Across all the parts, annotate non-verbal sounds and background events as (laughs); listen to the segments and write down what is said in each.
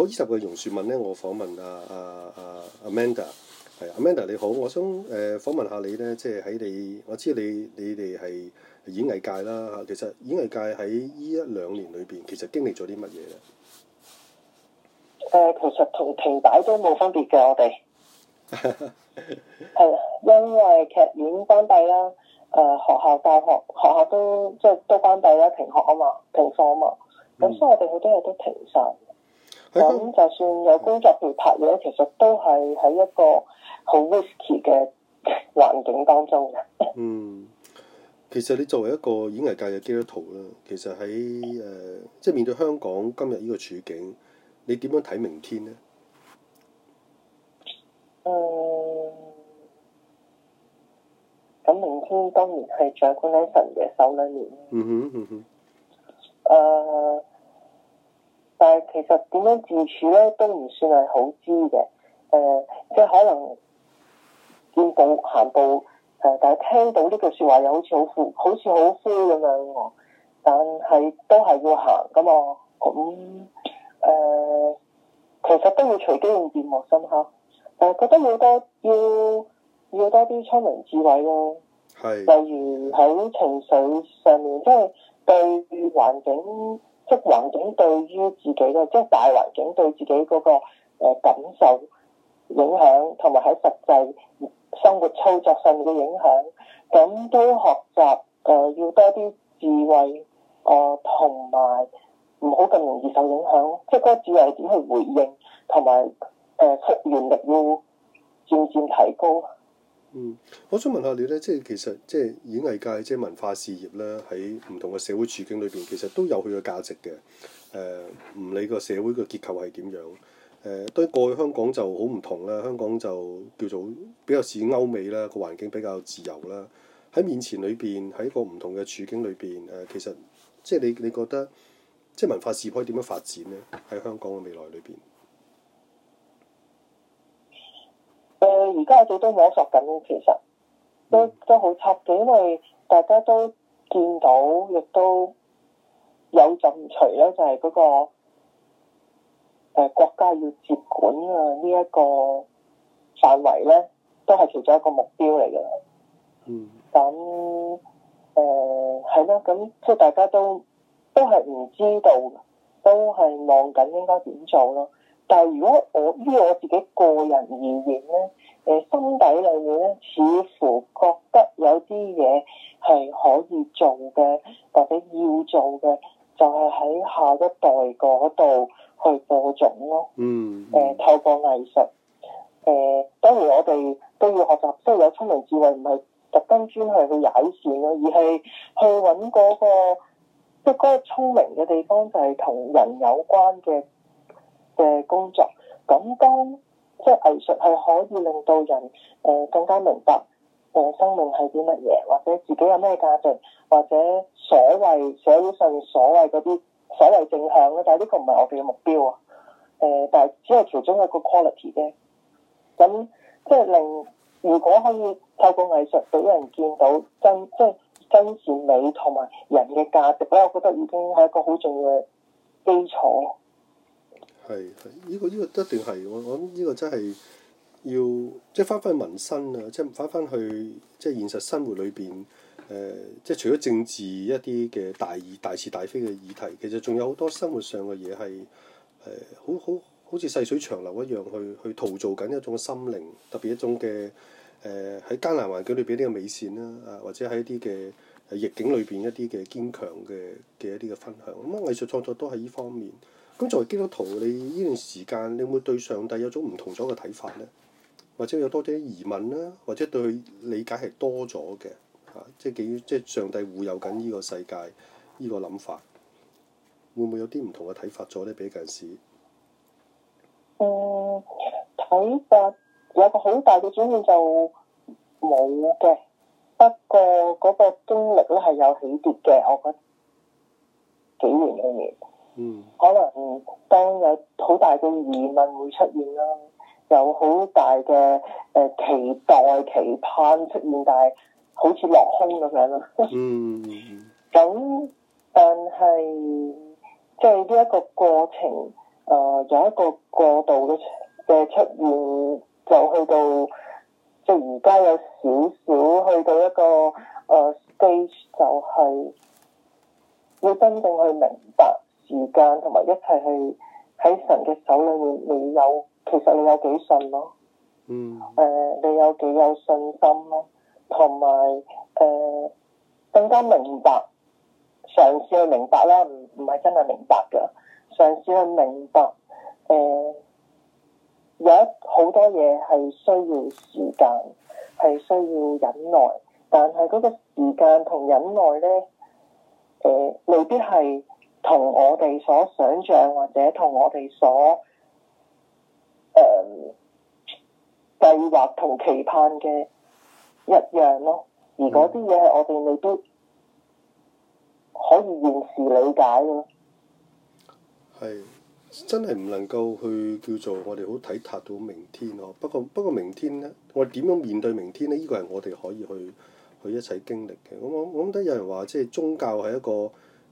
好，二十個榕樹問咧，我訪問阿阿阿 Amanda，係 Amanda 你好，我想誒、呃、訪問下你咧，即係喺你，我知你你哋係演藝界啦嚇，其實演藝界喺依一兩年裏邊，其實經歷咗啲乜嘢咧？誒、呃，其實同停擺都冇分別嘅，我哋係 (laughs) 因為劇院關閉啦，誒、呃、學校教學學校都即係都關閉啦，停學啊嘛，停課啊嘛，咁、嗯、所以我哋好多嘢都停晒。咁就算有工作被拍嘢，其實都係喺一個好 risky 嘅環境當中嘅。 (laughs) 嗯，其實你作為一個演藝界嘅基督徒咧，其實喺誒、呃，即係面對香港今日呢個處境，你點樣睇明天呢？嗯。咁明天當然係掌管喺神嘅手裏面。嗯哼，嗯哼。誒、呃。但係其實點樣自處咧，都唔算係好知嘅。誒、呃，即係可能見步行步，誒、呃，但係聽到呢句說話又好似好灰，好似好灰咁樣。但係都係要行㗎嘛。咁誒、嗯呃，其實都要隨機應變莫身刻。誒、呃，覺得要多要要多啲聰明智慧咯、哦。係是。例如喺情緒上面，即係對環境。即環境對於自己嘅，即係大環境對自己嗰個感受影響，同埋喺實際生活操作上面嘅影響，咁都學習誒要多啲智慧，誒同埋唔好咁容易受影響，即係嗰個智慧點去回應，同埋誒出現力要漸漸提高。嗯，我想問下你咧，即係其實即係演藝界即係、就是、文化事業咧，喺唔同嘅社會處境裏邊，其實都有佢嘅價值嘅。誒、呃，唔理個社會嘅結構係點樣，誒、呃，對過去香港就好唔同啦。香港就叫做比較似歐美啦，個環境比較自由啦。喺面前裏邊，喺個唔同嘅處境裏邊，誒，其實即係你你覺得即係、就是、文化事業可以點樣發展咧？喺香港嘅未來裏邊。而家我哋都摸索緊，其實都都好差嘅，因為大家都見到亦都有進除咧，就係嗰個誒國家要接管啊呢一個範圍咧，都係其中一個目標嚟嘅。嗯。咁誒係咯，咁即係大家都都係唔知道，都係望緊應該點做咯。但係如果我於我自己個人而言咧，誒、呃、心底裡面咧，似乎覺得有啲嘢係可以做嘅，或者要做嘅，就係、是、喺下一代嗰度去播種咯。嗯。誒、嗯呃、透過藝術，誒、呃、當然我哋都要學習，即係有聰明智慧，唔係特登專係去踩線咯，而係去揾嗰、那個，即係嗰個聰明嘅地方就係同人有關嘅。嘅工作，咁當即係藝術係可以令到人，誒、呃、更加明白誒、呃、生命係啲乜嘢？或者自己有咩價值，或者所謂社會上面所謂嗰啲所謂正向咧，但係呢個唔係我哋嘅目標啊。誒、呃，但係只係其中一個 quality 啫。咁即係令如果可以透過藝術俾人見到真即係真善美同埋人嘅價值咧，我覺得已經係一個好重要嘅基礎。係係，呢、這個呢、這個一定係我我諗呢個真係要即係翻翻去民生啊，即係翻翻去即係現實生活裏邊誒，即係除咗政治一啲嘅大義大是大非嘅議題，其實仲有好多生活上嘅嘢係誒好好好似細水長流一樣去去陶造緊一種心靈，特別一種嘅誒喺艱難環境裏邊一啲嘅美善啦啊，或者喺一啲嘅逆境裏邊一啲嘅堅強嘅嘅一啲嘅分享。咁、嗯、啊，藝術創作都係呢方面。咁作為基督徒，你呢段時間你會唔會對上帝有種唔同咗嘅睇法咧，或者有多啲疑問啦，或者對佢理解係多咗嘅，嚇、啊，即係基於，即係上帝護佑緊呢個世界，呢、這個諗法，會唔會有啲唔同嘅睇法咗咧？俾啲人士。嗯，睇法有個好大嘅轉變就冇嘅，不過嗰個經歷咧係有起跌嘅，我覺得幾年幾年。嗯，可能當有好大嘅疑問會出現啦，有好大嘅誒、呃、期待、期盼出現，但係好似落空咁樣咯。 (laughs) 嗯，咁但係即係呢一個過程誒、呃，有一個過渡嘅嘅出現，就去到即係而家有少少去到一個誒、呃、stage，就係要真正去明白。時間同埋一齊去喺神嘅手裏面，你有其實你有幾信咯？嗯，誒、呃，你有幾有信心咯？同埋誒，更加明白，嘗試去明白啦，唔唔係真係明白㗎，嘗試去明白誒、呃，有好多嘢係需要時間，係需要忍耐，但係嗰個時間同忍耐咧，誒、呃，未必係。同我哋所想象或者同我哋所誒計劃同期盼嘅一樣咯，而嗰啲嘢係我哋未必可以現時理解咯。係真係唔能夠去叫做我哋好體察到明天咯。不過不過明天咧，我點樣面對明天咧？呢個係我哋可以去去一齊經歷嘅。我我我諗得有人話，即係宗教係一個。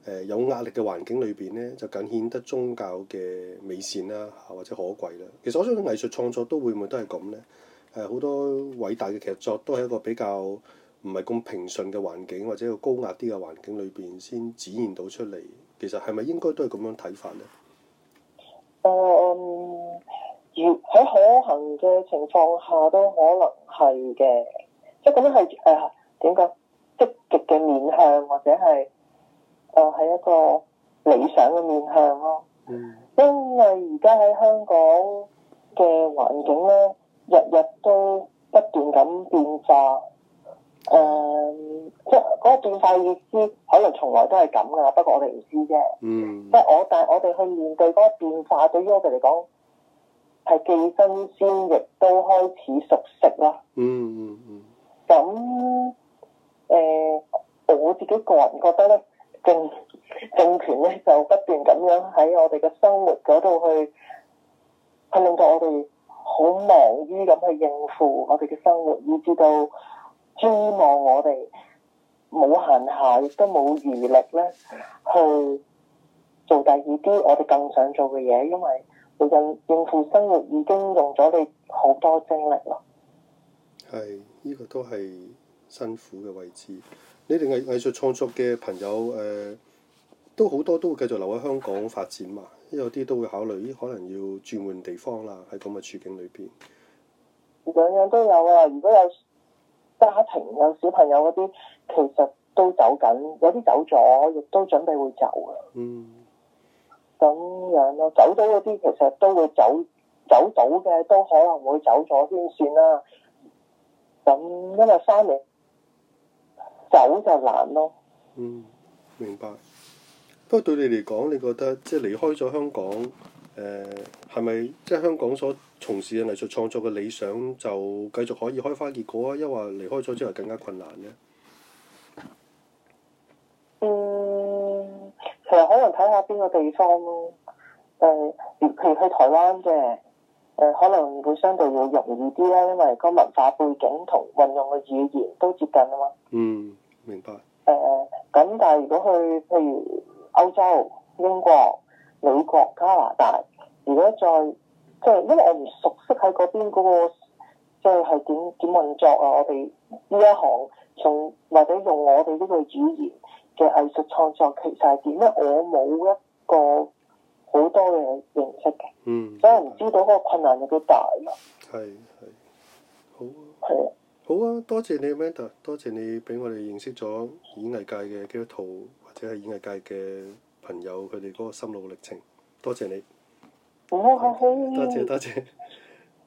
誒有壓力嘅環境裏邊咧，就更顯得宗教嘅美善啦，或者可貴啦。其實我想藝術創作都會唔會都係咁咧？誒，好多偉大嘅劇作都係一個比較唔係咁平順嘅環境，或者一個高壓啲嘅環境裏邊先展現到出嚟。其實係咪應該都係咁樣睇法咧？嗯，如喺可行嘅情況下，都可能係嘅。即係咁樣係誒點講？積極嘅面向或者係。就係一個理想嘅面向咯，啊，嗯、因為而家喺香港嘅環境咧，日日都不斷咁變化，誒、呃，即係嗰、那個變化意思可能從來都係咁噶，不過我哋唔知啫。即係、嗯、我但係我哋去面對嗰個變化，對於我哋嚟講係既新鮮亦都開始熟悉咯，嗯。嗯嗯嗯。咁誒、呃，我自己個人覺得咧。政政權咧就不斷咁樣喺我哋嘅生活嗰度去，去令到我哋好忙於咁去應付我哋嘅生活，以至到希望我哋冇閒暇亦都冇餘力咧去做第二啲我哋更想做嘅嘢，因為你嘅應付生活已經用咗你好多精力咯。係，呢個都係辛苦嘅位置。你哋藝藝術創作嘅朋友誒、呃，都好多都會繼續留喺香港發展嘛。因為有啲都會考慮，可能要轉換地方啦。喺咁嘅處境裏邊，樣樣都有啊。如果有家庭有小朋友嗰啲，其實都走緊。有啲走咗，亦都準備會走啊。嗯。咁樣咯，走到嗰啲其實都會走，走到嘅都可能會走咗先算啦，啊。咁因為三年。走就難咯。嗯，明白。不過對你嚟講，你覺得即係離開咗香港，誒係咪即係香港所從事嘅藝術創作嘅理想就繼續可以開花結果啊？抑或離開咗之後更加困難呢？嗯，其實可能睇下邊個地方咯。誒、呃，譬如去台灣嘅。誒、呃、可能會相對會容易啲啦，因為個文化背景同運用嘅語言都接近啊嘛。嗯，明白。誒、呃，咁但係如果去譬如歐洲、英國、美國、加拿大，如果再即係、就是、因為我唔熟悉喺嗰邊嗰、那個，即係係點點運作啊？我哋呢一行，從或者用我哋呢個語言嘅藝術創作，其實係點咧？我冇一個，好多嘅認識嘅，嗯、所以唔知道嗰個困難有幾大咯。係係，好啊。係啊，好啊，多謝你，Amanda，a 多謝你俾我哋認識咗演藝界嘅基督徒或者係演藝界嘅朋友佢哋嗰個心路歷程，多謝你。好好好，多謝多謝。